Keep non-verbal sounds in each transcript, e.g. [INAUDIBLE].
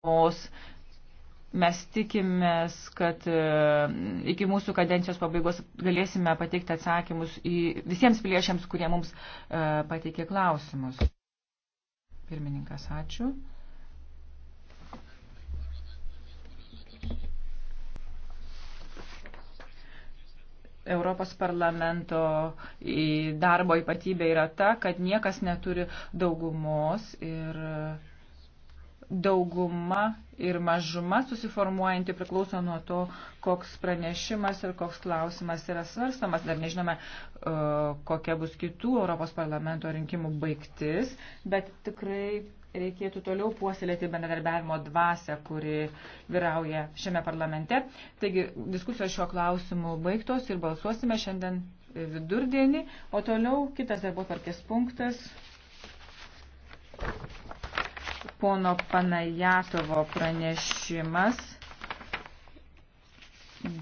paramos. Mes tikimės, kad e, iki mūsų kadencijos pabaigos galėsime pateikti atsakymus į visiems piliečiams, kurie mums e, pateikė klausimus. Pirmininkas, ačiū. Europos parlamento darbo ypatybė yra ta, kad niekas neturi daugumos ir dauguma ir mažuma susiformuojanti priklauso nuo to, koks pranešimas ir koks klausimas yra svarstamas. Dar nežinome, e, kokia bus kitų Europos parlamento rinkimų baigtis, bet tikrai reikėtų toliau puoselėti bendradarbiavimo dvasę, kuri vyrauja šiame parlamente. Taigi diskusijos šiuo klausimu baigtos ir balsuosime šiandien vidurdienį, o toliau kitas darbo tvarkės punktas pono Panajatovo pranešimas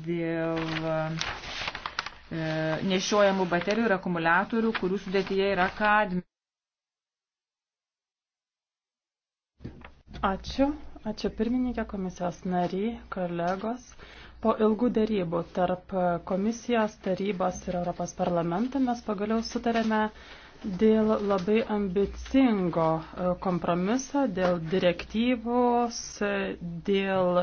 dėl e, nešiojamų baterijų ir akumuliatorių, kurių sudėtyje yra kadmi. Ačiū. Ačiū pirmininkė komisijos nariai, kolegos. Po ilgų dėrybų tarp komisijos, tarybos ir Europos parlamento mes pagaliau sutarėme dėl labai ambicingo e, kompromiso, dėl direktyvos, dėl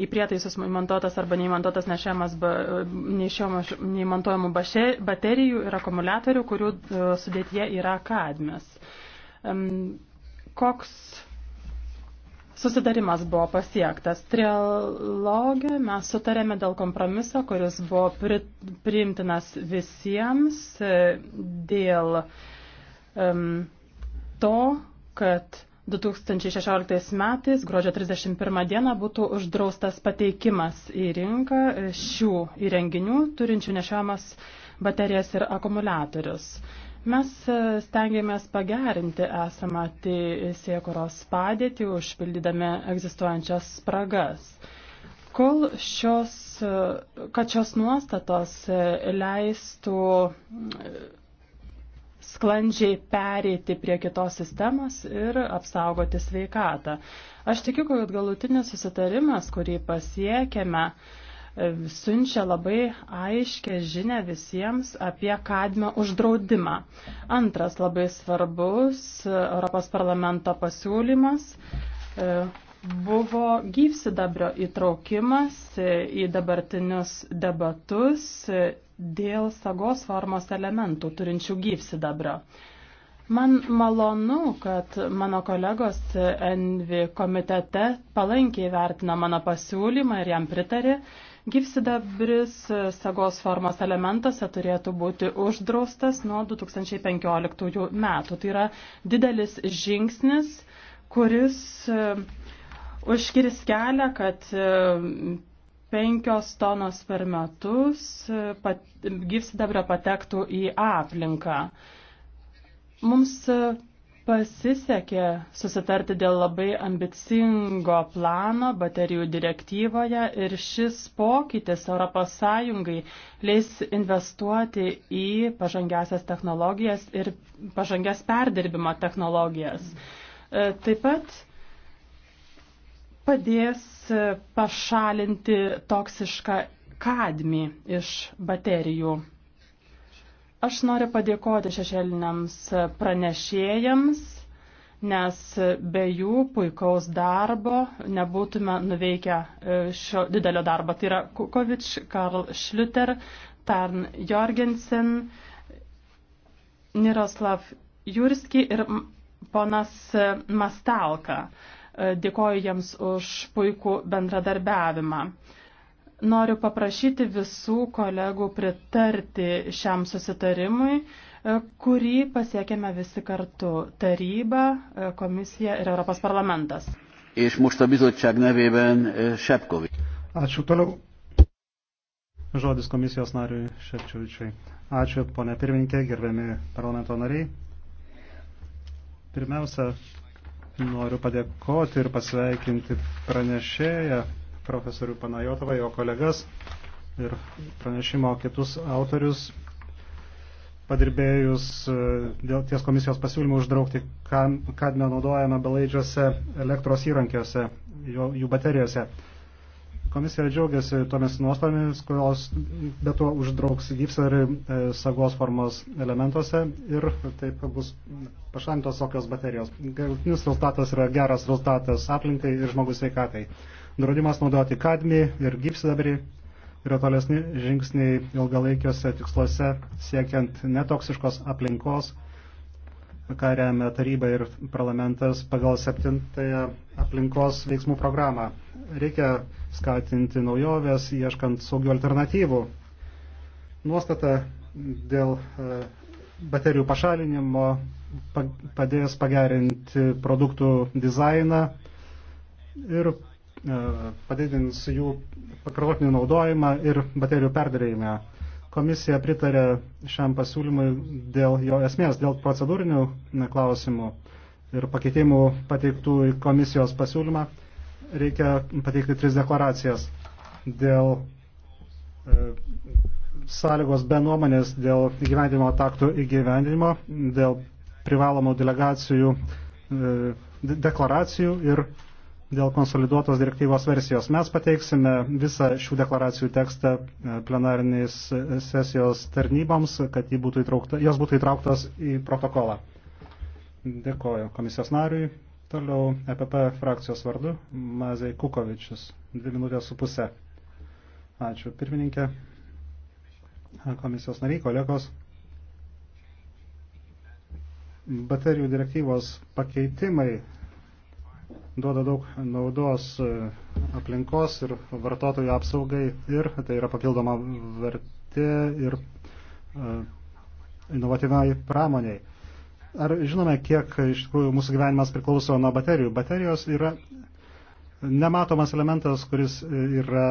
į prietaisus įmantuotas arba neįmantuotas nešiamas e, neįmantuojamų baterijų ir akumuliatorių, kurių e, sudėtyje yra kadmės. Koks Susidarimas buvo pasiektas. Trilogė mes sutarėme dėl kompromiso, kuris buvo pri, priimtinas visiems dėl um, to, kad 2016 metais gruodžio 31 dieną būtų uždraustas pateikimas į rinką šių įrenginių turinčių nešiojamas baterijas ir akumuliatorius. Mes e, stengiamės pagerinti esamą teisėkuros padėtį, užpildydami egzistuojančias spragas. Kol šios, e, kad šios nuostatos e, leistų sklandžiai pereiti prie kitos sistemos ir apsaugoti sveikatą. Aš tikiu, kad galutinis susitarimas, kurį pasiekėme, uh, siunčia labai aiškę žinę visiems apie kadmio uždraudimą. Antras labai svarbus Europos parlamento pasiūlymas e, buvo gyvsidabrio įtraukimas į dabartinius debatus dėl sagos formos elementų turinčių gyvsidabrio. Man malonu, kad mano kolegos Envi komitete palankiai vertina mano pasiūlymą ir jam pritarė Gyvsidabris sagos formos elementuose turėtų būti uždraustas nuo 2015 metų. Tai yra didelis žingsnis, kuris e, užkirs kelią, kad e, penkios tonos per metus e, gyvsidabrio patektų į aplinką. Mums pasisekė susitarti dėl labai ambicingo plano baterijų direktyvoje ir šis pokytis ES leis investuoti į pažangiasias technologijas ir pažangias perdirbimo technologijas. E, taip pat padės pašalinti toksišką kadmį iš baterijų Aš noriu padėkoti šešėliniams pranešėjams, nes be jų puikaus darbo nebūtume nuveikę e, šio didelio darbo. Tai yra Kukovič, Karl Šliuter, Tarn Jorgensen, Miroslav Jurski ir ponas Mastalka. E, dėkoju jiems už puikų bendradarbiavimą. Noriu paprašyti visų kolegų pritarti šiam susitarimui, e, kurį pasiekėme visi kartu - taryba, e, komisija ir Europos parlamentas. Iš Mušto bizottság nevében e, Šepkovi. Ačiū toliau. Žodis komisijos nariui Šepčiovičiui. Ačiū, ponė pirmininkė, gerbiami parlamento nariai. Pirmiausia, noriu padėkoti ir pasveikinti pranešėją profesorių Panajotovą, jo kolegas ir pranešimo kitus autorius, padirbėjus e, dėl ties komisijos pasiūlymų uždraukti kadmio naudojimą belaidžiuose elektros įrankiuose, jų baterijose. Komisija džiaugiasi tomis nuostatomis, kurios be to uždrauks gypsarį e, sagos formos elementuose ir taip bus pašalintos tokios baterijos. Galutinis rezultatas yra geras rezultatas aplinkai ir žmogus sveikatai. Draudimas naudoti kadmį ir gypsidabrį yra tolesni žingsniai ilgalaikiuose tiksluose siekiant netoksiškos aplinkos, ką remia taryba ir parlamentas pagal septintąją aplinkos veiksmų programą. Reikia skatinti naujoves, ieškant saugių alternatyvų. Nuostata dėl e, baterijų pašalinimo padės pagerinti produktų dizainą ir E, padidins jų pakartotinį naudojimą ir baterijų perdarėjimą. Komisija pritarė šiam pasiūlymui dėl jo esmės, dėl procedūrinių klausimų ir pakeitimų pateiktų į komisijos pasiūlymą. Reikia pateikti tris deklaracijas dėl e, sąlygos be nuomonės, dėl įgyvendinimo taktų įgyvendinimo, dėl privalomų delegacijų, e, deklaracijų ir e, dėl konsoliduotos direktyvos versijos. Mes pateiksime visą šių deklaracijų tekstą e, plenariniais sesijos tarnyboms, kad būtų įtraukta, jos būtų įtrauktos į protokolą. Dėkoju komisijos nariui. Toliau EPP frakcijos vardu Mazai Kukovičius. Dvi minutės su pusė. Ačiū pirmininkė, komisijos nariai, kolegos. Baterijų direktyvos pakeitimai duoda daug naudos e, aplinkos ir vartotojų apsaugai ir tai yra papildoma vertė ir e, inovatyviai pramoniai. Ar žinome, kiek iš tikrųjų mūsų gyvenimas priklauso nuo baterijų? Baterijos yra nematomas elementas, kuris yra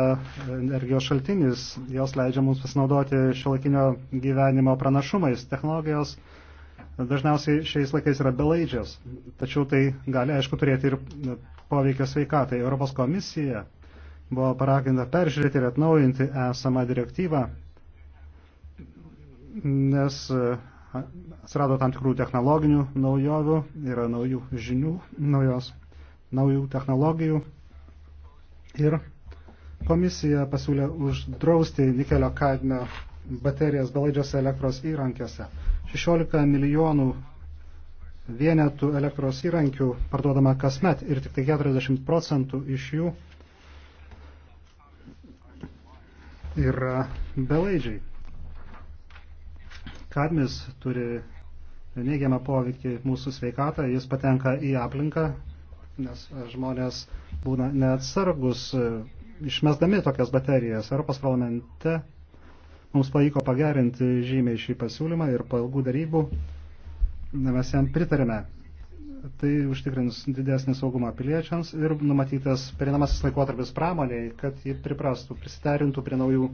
energijos šaltinis. Jos leidžia mums pasinaudoti šiuolaikinio gyvenimo pranašumais. Technologijos dažniausiai šiais laikais yra belaidžios, tačiau tai gali, aišku, turėti ir poveikio sveikatai. Europos komisija buvo paraginta peržiūrėti ir atnaujinti esamą direktyvą, nes atsirado tam tikrų technologinių naujovių, yra naujų žinių, naujos, naujų technologijų ir komisija pasiūlė uždrausti nikelio kadmio baterijas belaidžiose elektros įrankėse. 16 milijonų vienetų elektros įrankių parduodama kasmet ir tik tai 40 procentų iš jų yra belaidžiai. Kadmis turi neigiamą poveikį mūsų sveikatą, jis patenka į aplinką, nes žmonės būna neatsargus išmesdami tokias baterijas. Europos parlamente Mums pavyko pagerinti žymiai šį pasiūlymą ir po ilgų darybų mes jam pritarėme. Tai užtikrins didesnį saugumą piliečiams ir numatytas perinamasis laikotarpis pramoniai, kad ji priprastų, prisiterintų prie naujų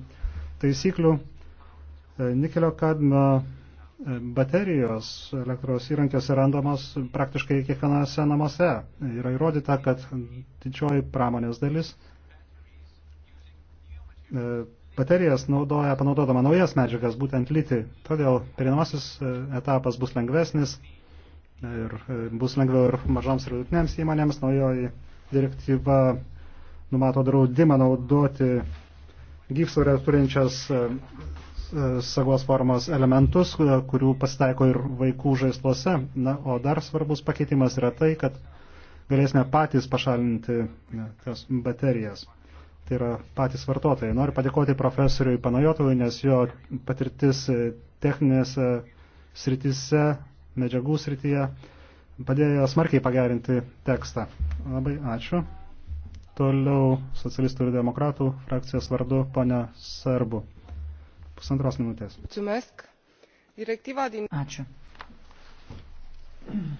taisyklių. E, Nikelio kadmio e, baterijos elektros įrankiuose randamos praktiškai kiekvienose namuose. Yra įrodyta, kad didžioji pramonės dalis e, baterijas naudoja panaudodama naujas medžiagas, būtent litį. Todėl perinosis e, etapas bus lengvesnis ir e, bus lengviau ir mažoms ir vidutinėms įmonėms. Naujoji direktyva numato draudimą naudoti gyvsvarę turinčias e, sagos formos elementus, kurių pasitaiko ir vaikų žaisluose. Na, o dar svarbus pakeitimas yra tai, kad galėsime patys pašalinti tas baterijas tai yra patys vartotojai. Noriu padėkoti profesoriui Panajotovui, nes jo patirtis e, techninėse e, sritise, medžiagų srityje padėjo smarkiai pagerinti tekstą. Labai ačiū. Toliau socialistų ir demokratų frakcijos vardu ponia Serbu. Pusantros minutės. Ačiū.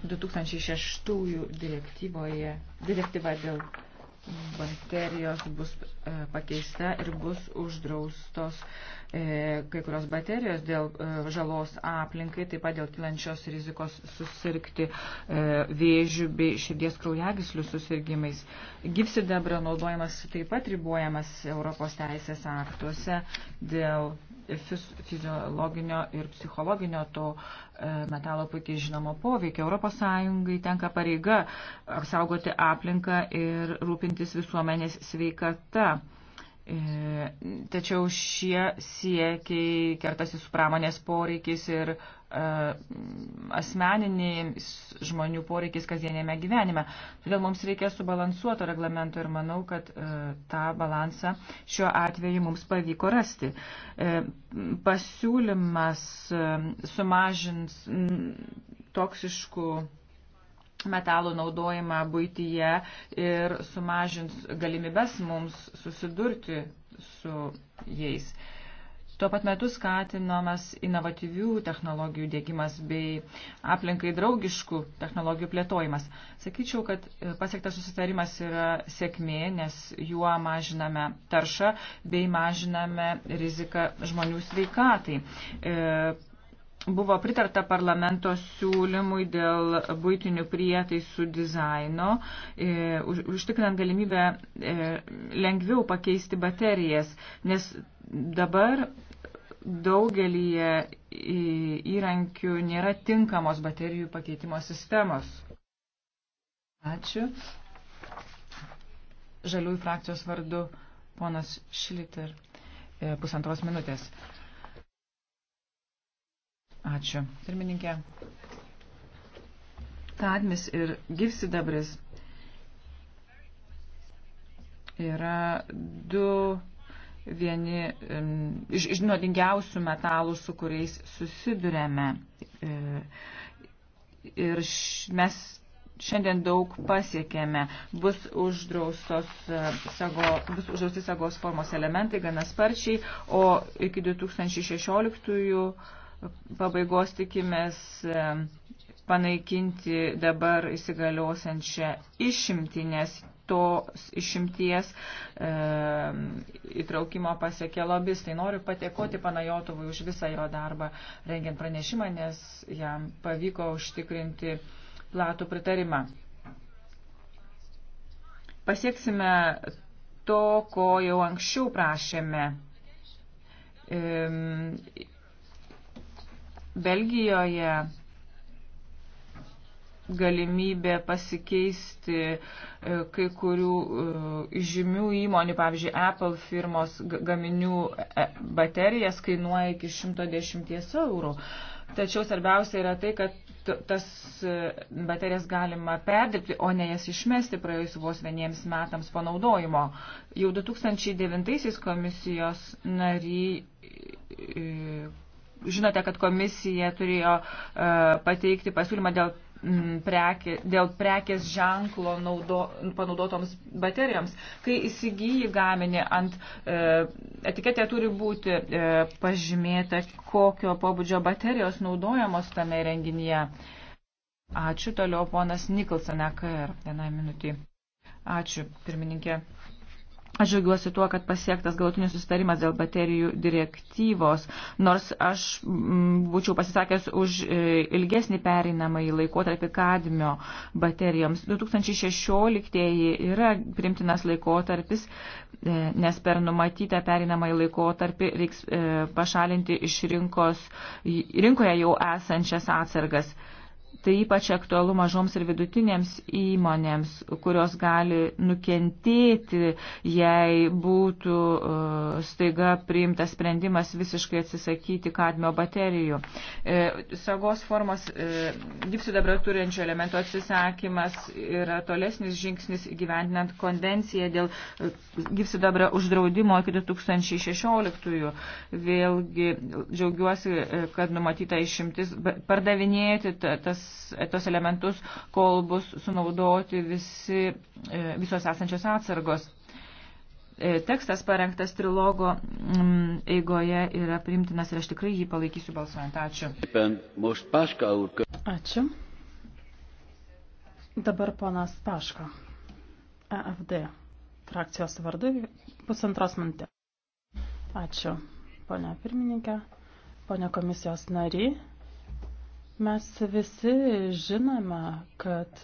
2006 [CLEARS THROAT] direktyvoje, direktyva dėl baterijos bus e, pakeista ir bus uždraustos e, kai kurios baterijos dėl e, žalos aplinkai, taip pat dėl kilančios rizikos susirgti vėžių bei širdies kraujagyslių susirgymais. Gyvsidabrio naudojimas taip pat ribojamas Europos teisės aktuose dėl fiziologinio ir psichologinio to e, metalo puikiai žinomo poveikio. ES tenka pareiga apsaugoti aplinką ir rūpintis visuomenės sveikata. E, tačiau šie siekiai kertasi su pramonės poreikiais ir e, asmeniniais žmonių poreikiais kasdienėme gyvenime. Todėl mums reikia subalansuoto reglamento ir manau, kad e, tą balansą šiuo atveju mums pavyko rasti. E, pasiūlymas e, sumažins m, toksiškų metalų naudojimą būtyje ir sumažins galimybes mums susidurti su jais. Tuo pat metu skatinamas inovatyvių technologijų dėgymas bei aplinkai draugiškų technologijų plėtojimas. Sakyčiau, kad e, pasiektas susitarimas yra sėkmė, nes juo mažiname taršą bei mažiname riziką žmonių sveikatai. E, buvo pritarta parlamento siūlymui dėl būtinių prietaisų dizaino, e, užtikrinant galimybę e, lengviau pakeisti baterijas, nes dabar daugelį įrankių nėra tinkamos baterijų pakeitimo sistemos. Ačiū. Žaliųjų frakcijos vardu ponas Šliter. E, pusantros minutės. Ačiū. Pirmininkė. Kadmis ir gyvsidabris yra du vieni iš, iš nuodingiausių metalų, su kuriais susidurėme. E, ir š, mes šiandien daug pasiekėme. Bus, uždraustos, e, sago, bus uždrausti sagos formos elementai gana sparčiai, o iki 2016 pabaigos tikimės e, panaikinti dabar įsigaliosiančią išimtį, nes tos išimties e, įtraukimo pasiekė lobistai. Noriu patekoti Panajotovui už visą jo darbą rengiant pranešimą, nes jam pavyko užtikrinti platų pritarimą. Pasieksime to, ko jau anksčiau prašėme. E, Belgijoje galimybė pasikeisti e, kai kurių e, žymių įmonių, pavyzdžiui, Apple firmos gaminių e, baterijas kainuoja iki 110 eurų. Tačiau svarbiausia yra tai, kad tas baterijas galima perdirbti, o ne jas išmesti praėjus vos vieniems metams panaudojimo. Jau 2009 komisijos nariai žinote, kad komisija turėjo e, pateikti pasiūlymą dėl, prekė, dėl prekės ženklo naudo, panaudotoms baterijoms. Kai įsigyji gaminį ant e, etiketė turi būti e, pažymėta, kokio pobūdžio baterijos naudojamos tame renginyje. Ačiū toliau ponas Nikolson, EKR, vienai minutį. Ačiū, pirmininkė. Aš žiaugiuosi tuo, kad pasiektas galutinis susitarimas dėl baterijų direktyvos, nors aš m, mm, būčiau pasisakęs už e, ilgesnį pereinamąjį laikotarpį kadmio baterijoms. 2016 yra primtinas laikotarpis, e, nes per numatytą pereinamąjį laikotarpį reiks e, pašalinti iš rinkos, rinkoje jau esančias atsargas. Tai ypač aktualu mažoms ir vidutinėms įmonėms, kurios gali nukentėti, jei būtų e, staiga priimtas sprendimas visiškai atsisakyti kadmio baterijų. E, sagos formos gipsidabrio e, turinčio elemento atsisakymas yra tolesnis žingsnis gyvendinant konvenciją dėl gipsidabrio uždraudimo iki 2016. Vėlgi džiaugiuosi, kad numatyta išimtis pardavinėti tas tos elementus, kol bus sunaudoti visi, e, visos esančios atsargos. E, tekstas parengtas trilogo mm, eigoje yra primtinas ir aš tikrai jį palaikysiu balsuojant. Ačiū. Ačiū. Dabar ponas Paško, EFD frakcijos vardu, pusantros minutės. Ačiū, ponia pirmininkė, ponia komisijos nariai. Mes visi žinome, kad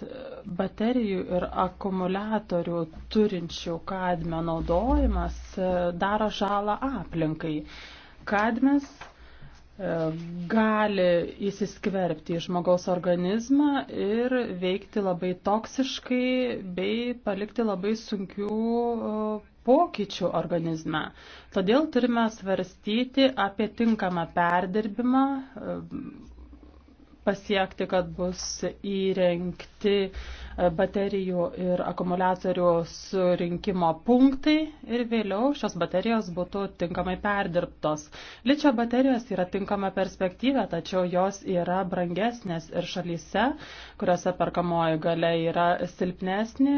baterijų ir akumuliatorių turinčių kadmio naudojimas e, daro žalą aplinkai. Kadmis e, gali įsiskverbti į žmogaus organizmą ir veikti labai toksiškai bei palikti labai sunkių e, pokyčių organizme. Todėl turime svarstyti apie tinkamą perdirbimą, pasiekti, kad bus įrengti e, baterijų ir akumuliatorių surinkimo punktai ir vėliau šios baterijos būtų tinkamai perdirbtos. Ličio baterijos yra tinkama perspektyva, tačiau jos yra brangesnės ir šalyse, kuriuose perkamoji galia yra silpnesnė,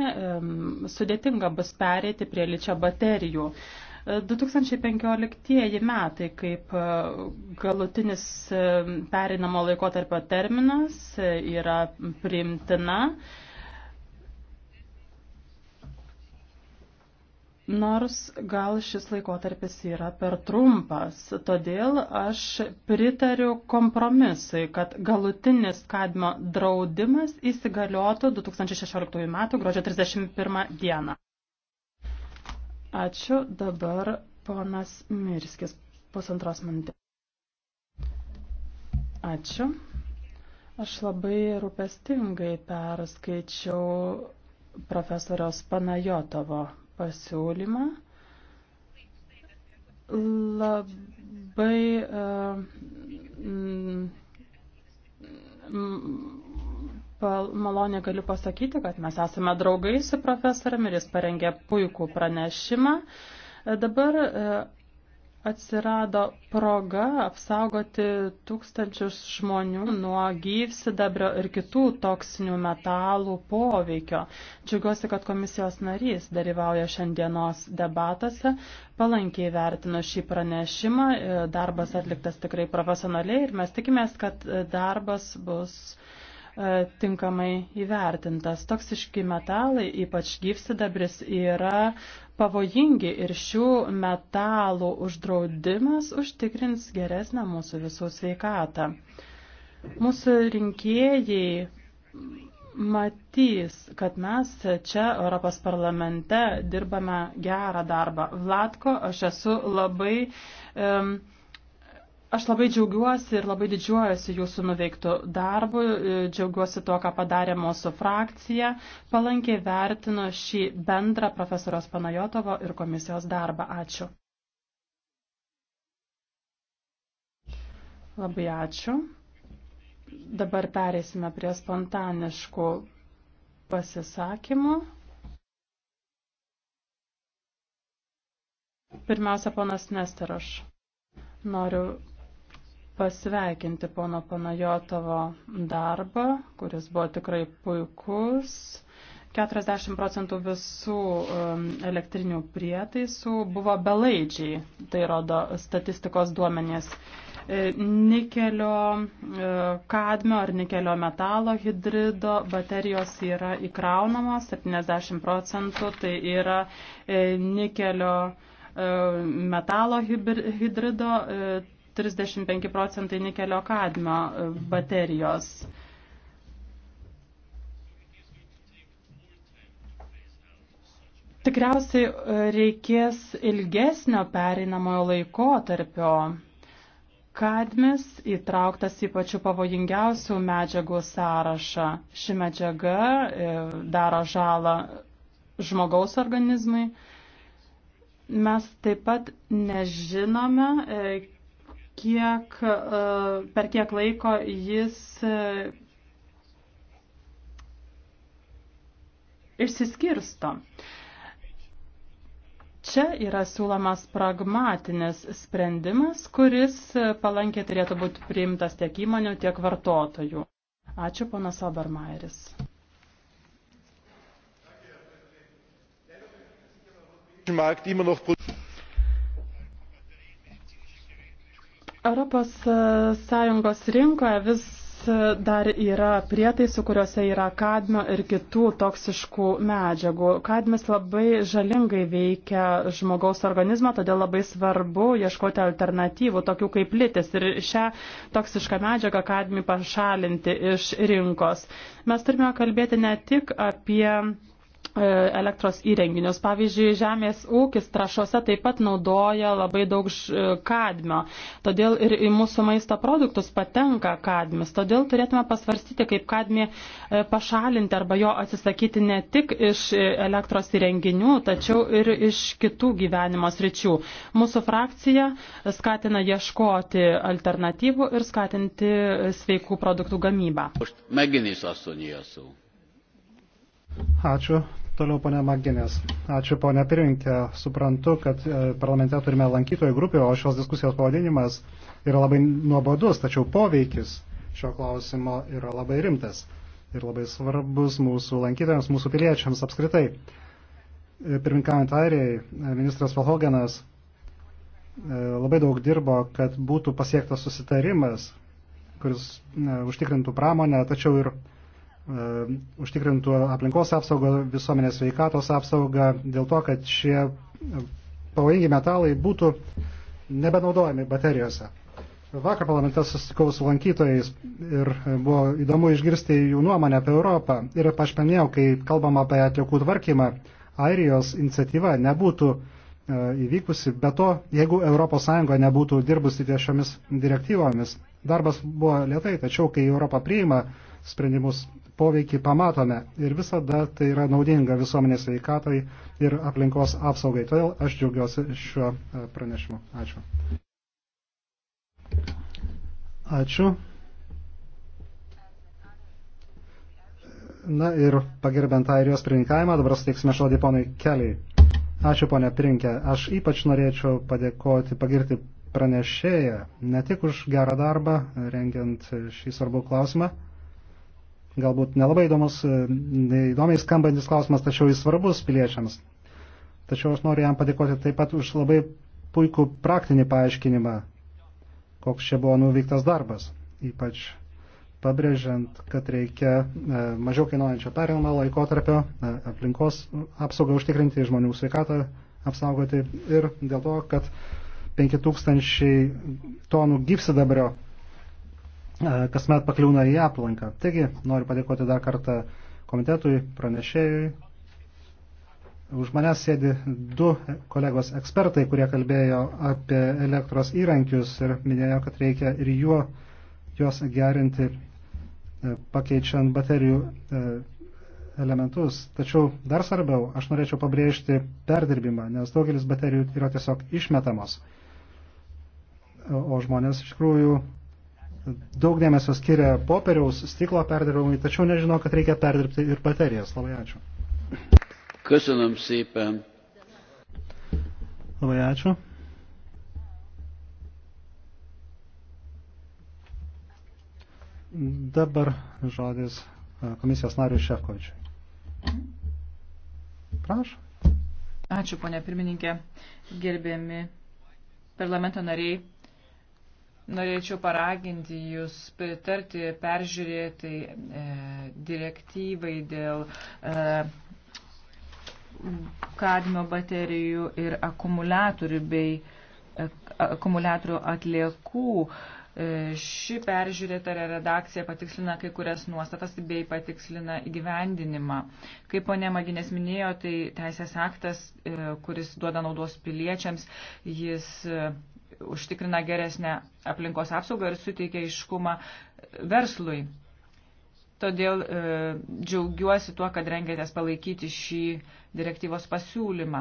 sudėtinga bus perėti prie ličio baterijų. 2015 metai kaip e, galutinis e, perinamo laikotarpio terminas e, yra priimtina. Nors gal šis laikotarpis yra per trumpas, todėl aš pritariu kompromisui, kad galutinis kadmio draudimas įsigaliotų 2016 m. gruodžio 31 d. Ačiū. Dabar ponas Mirskis pusantros minutės. Ačiū. Aš labai rūpestingai perskaičiau profesoriaus Panajotovo pasiūlymą. Labai uh, mm, malonė galiu pasakyti, kad mes esame draugai su profesoriumi ir jis parengė puikų pranešimą. E, dabar e, atsirado proga apsaugoti tūkstančius žmonių nuo gyvsidabrio ir kitų toksinių metalų poveikio. Džiugiuosi, kad komisijos narys dalyvauja šiandienos debatuose, palankiai vertino šį pranešimą, e, darbas atliktas tikrai profesionaliai ir mes tikimės, kad darbas bus E, tinkamai įvertintas. Toksiški metalai, ypač gyvsidabris, yra pavojingi ir šių metalų uždraudimas užtikrins geresnę mūsų visų sveikatą. Mūsų rinkėjai matys, kad mes čia Europos parlamente dirbame gerą darbą. Vlatko, aš esu labai um, e, Aš labai džiaugiuosi ir labai didžiuojuosi jūsų nuveiktų darbų, džiaugiuosi to, ką padarė mūsų frakcija, palankiai vertino šį bendrą profesorios Panajotovo ir komisijos darbą. Ačiū. Labai ačiū. Dabar pereisime prie spontaniškų pasisakymų. Pirmiausia, ponas Nesteroš. Noriu pasveikinti pono Panajotovo darbą, kuris buvo tikrai puikus. 40 procentų visų um, elektrinių prietaisų buvo belaidžiai, tai rodo statistikos duomenės. E, nikelio e, kadmio ar nikelio metalo hidrido baterijos yra įkraunamos, 70 procentų tai yra e, nikelio metalo hidrido, 35 procentai nikelio kadmio e, baterijos. Tikriausiai e, reikės ilgesnio pereinamojo laikotarpio. Kadmis įtrauktas į pačių pavojingiausių medžiagų sąrašą. Ši medžiaga e, daro žalą žmogaus organizmui. Mes taip pat nežinome, kiek, e, per kiek laiko jis e, išsiskirsto. Čia yra siūlomas pragmatinis sprendimas, kuris palankiai turėtų būti priimtas tiek įmonių, tiek vartotojų. Ačiū, ponas Obermaeris. markt immer noch Europos e, Sąjungos rinkoje vis e, dar yra prietaisų, kuriuose yra kadmio ir kitų toksiškų medžiagų. Kadmis labai žalingai veikia žmogaus organizmą, todėl labai svarbu ieškoti alternatyvų, tokių kaip litis, ir šią toksišką medžiagą kadmį pašalinti iš rinkos. Mes turime kalbėti ne tik apie E, elektros įrenginius. Pavyzdžiui, žemės ūkis trašose taip pat naudoja labai daug e, kadmio, todėl ir į mūsų maisto produktus patenka kadmis. Todėl turėtume pasvarstyti, kaip kadmį e, pašalinti arba jo atsisakyti ne tik iš elektros įrenginių, tačiau ir iš kitų gyvenimo sričių. Mūsų frakcija skatina ieškoti alternatyvų ir skatinti sveikų produktų gamybą. Ačiū. Toliau ponia Maginės. Ačiū ponia Pirinkė. Suprantu, kad e, parlamente turime lankytojų grupį, o šios diskusijos pavadinimas yra labai nuobodus, tačiau poveikis šio klausimo yra labai rimtas ir labai svarbus mūsų lankytojams, mūsų piliečiams apskritai. E, Pirminkavant Airijai, e, ministras Valhogenas labai daug dirbo, kad būtų pasiektas susitarimas, kuris užtikrintų pramonę, tačiau ir E, užtikrintų aplinkos apsaugą, visuomenės veikatos apsaugą, dėl to, kad šie pavojingi metalai būtų nebenaudojami baterijose. Vakar parlamente susitikau su lankytojais ir buvo įdomu išgirsti jų nuomonę apie Europą. Ir aš paminėjau, kai kalbam apie atliekų tvarkymą, Airijos iniciatyva nebūtų e, įvykusi, be to, jeigu ES nebūtų dirbusi ties šiomis direktyvomis. Darbas buvo lietai, tačiau kai Europa priima sprendimus, poveikį pamatome ir visada tai yra naudinga visuomenės veikatai ir aplinkos apsaugai. Todėl aš džiaugiuosi šiuo e, pranešimu. Ačiū. Ačiū. Na ir pagerbent airijos pirmininkavimą, dabar suteiksime žodį ponai Keliai. Ačiū ponė Prinkė. Aš ypač norėčiau padėkoti, pagirti pranešėją ne tik už gerą darbą, rengiant šį svarbų klausimą, galbūt nelabai įdomus, e, įdomiai skambantis klausimas, tačiau jis svarbus piliečiams. Tačiau aš noriu jam padėkoti taip pat už labai puikų praktinį paaiškinimą, koks čia buvo nuveiktas darbas, ypač pabrėžiant, kad reikia e, mažiau kainuojančio perinamą laikotarpio, e, aplinkos apsaugą užtikrinti, žmonių sveikatą apsaugoti ir dėl to, kad 5000 tonų gypsidabrio kasmet pakliūna į aplanką. Taigi, noriu padėkoti dar kartą komitetui, pranešėjui. Už manęs sėdi du kolegos ekspertai, kurie kalbėjo apie elektros įrankius ir minėjo, kad reikia ir juo, juos gerinti, e, pakeičiant baterijų e, elementus. Tačiau dar svarbiau, aš norėčiau pabrėžti perdirbimą, nes daugelis baterijų yra tiesiog išmetamos. O žmonės iš tikrųjų daug dėmesio skiria popieriaus, stiklo perdirbimui, tačiau nežino, kad reikia perdirbti ir baterijas. Labai ačiū. Köszönöm szépen. Labai ačiū. Dabar žodis e, komisijos nariui Šefkovičiui. Prašau. Ačiū, ponė pirmininkė, gerbėmi parlamento nariai. Norėčiau paraginti Jūs pritarti peržiūrėtai e, direktyvai dėl e, kadmio baterijų ir akumuliatorių bei e, akumuliatorių atliekų. E, ši peržiūrėta redakcija patikslina kai kurias nuostatas bei patikslina įgyvendinimą. Kaip ponė Maginės minėjo, tai teisės aktas, e, kuris duoda naudos piliečiams, jis užtikrina geresnę aplinkos apsaugą ir suteikia iškumą verslui. Todėl e, džiaugiuosi tuo, kad rengėtės palaikyti šį direktyvos pasiūlymą.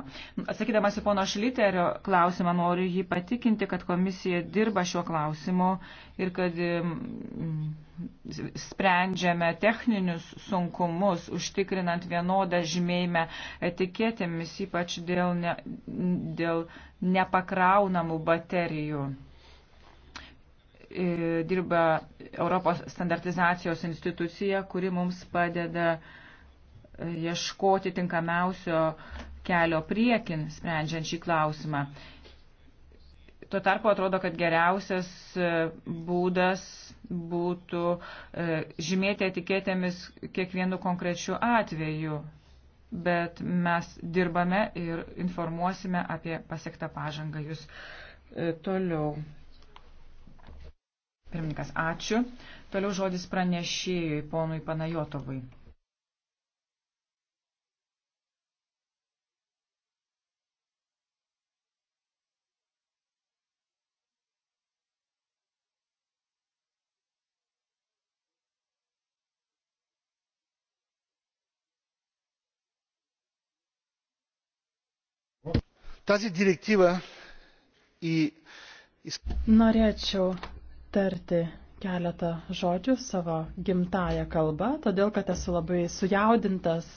Atsakydamas į pono Šliterio klausimą, noriu jį patikinti, kad komisija dirba šiuo klausimu ir kad sprendžiame techninius sunkumus, užtikrinant vienodą žymėjimą etiketėmis, ypač dėl, ne, dėl nepakraunamų baterijų. E, dirba Europos standartizacijos institucija, kuri mums padeda e, ieškoti tinkamiausio kelio priekin, sprendžiant šį klausimą. Tuo tarpu atrodo, kad geriausias e, būdas būtų žymėti etiketėmis kiekvienu konkrečiu atveju, bet mes dirbame ir informuosime apie pasiektą pažangą jūs toliau. Pirmininkas, ačiū. Toliau žodis pranešėjui, ponui Panajotovui. Norėčiau tarti keletą žodžių savo gimtają kalbą, todėl kad esu labai sujaudintas.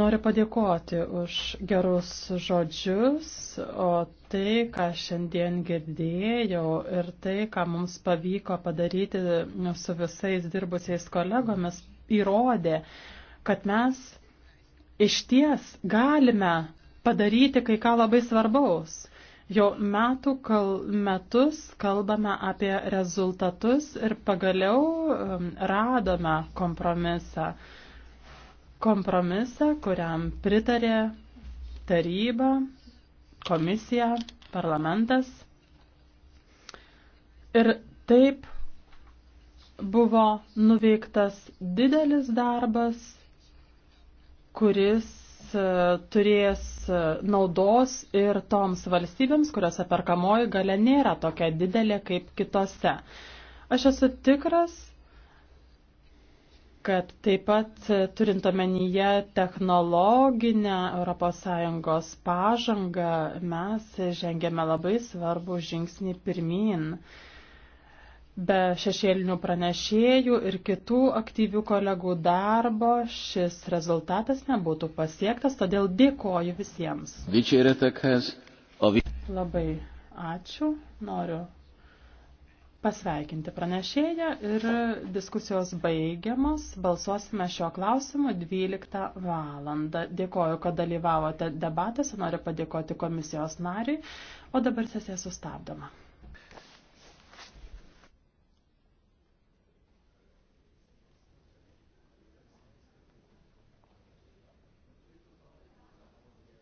Noriu padėkoti už gerus žodžius, o tai, ką šiandien girdėjau ir tai, ką mums pavyko padaryti su visais dirbusiais kolegomis, įrodė, kad mes iš ties galime padaryti kai ką labai svarbaus. Jau metų kal, metus kalbame apie rezultatus ir pagaliau um, radome kompromisą. Kompromisą, kuriam pritarė taryba, komisija, parlamentas. Ir taip buvo nuveiktas didelis darbas, kuris E, turės e, naudos ir toms valstybėms, kuriuose perkamoji galia nėra tokia didelė kaip kitose. Aš esu tikras, kad taip pat e, turint omenyje technologinę ES pažangą, mes žengėme labai svarbų žingsnį pirmin. Be šešėlinių pranešėjų ir kitų aktyvių kolegų darbo šis rezultatas nebūtų pasiektas, todėl dėkoju visiems. Labai ačiū, noriu pasveikinti pranešėją ir diskusijos baigiamos. Balsuosime šio klausimu 12 valandą. Dėkoju, kad dalyvavote debatėse, noriu padėkoti komisijos nariui, o dabar sesija sustabdoma.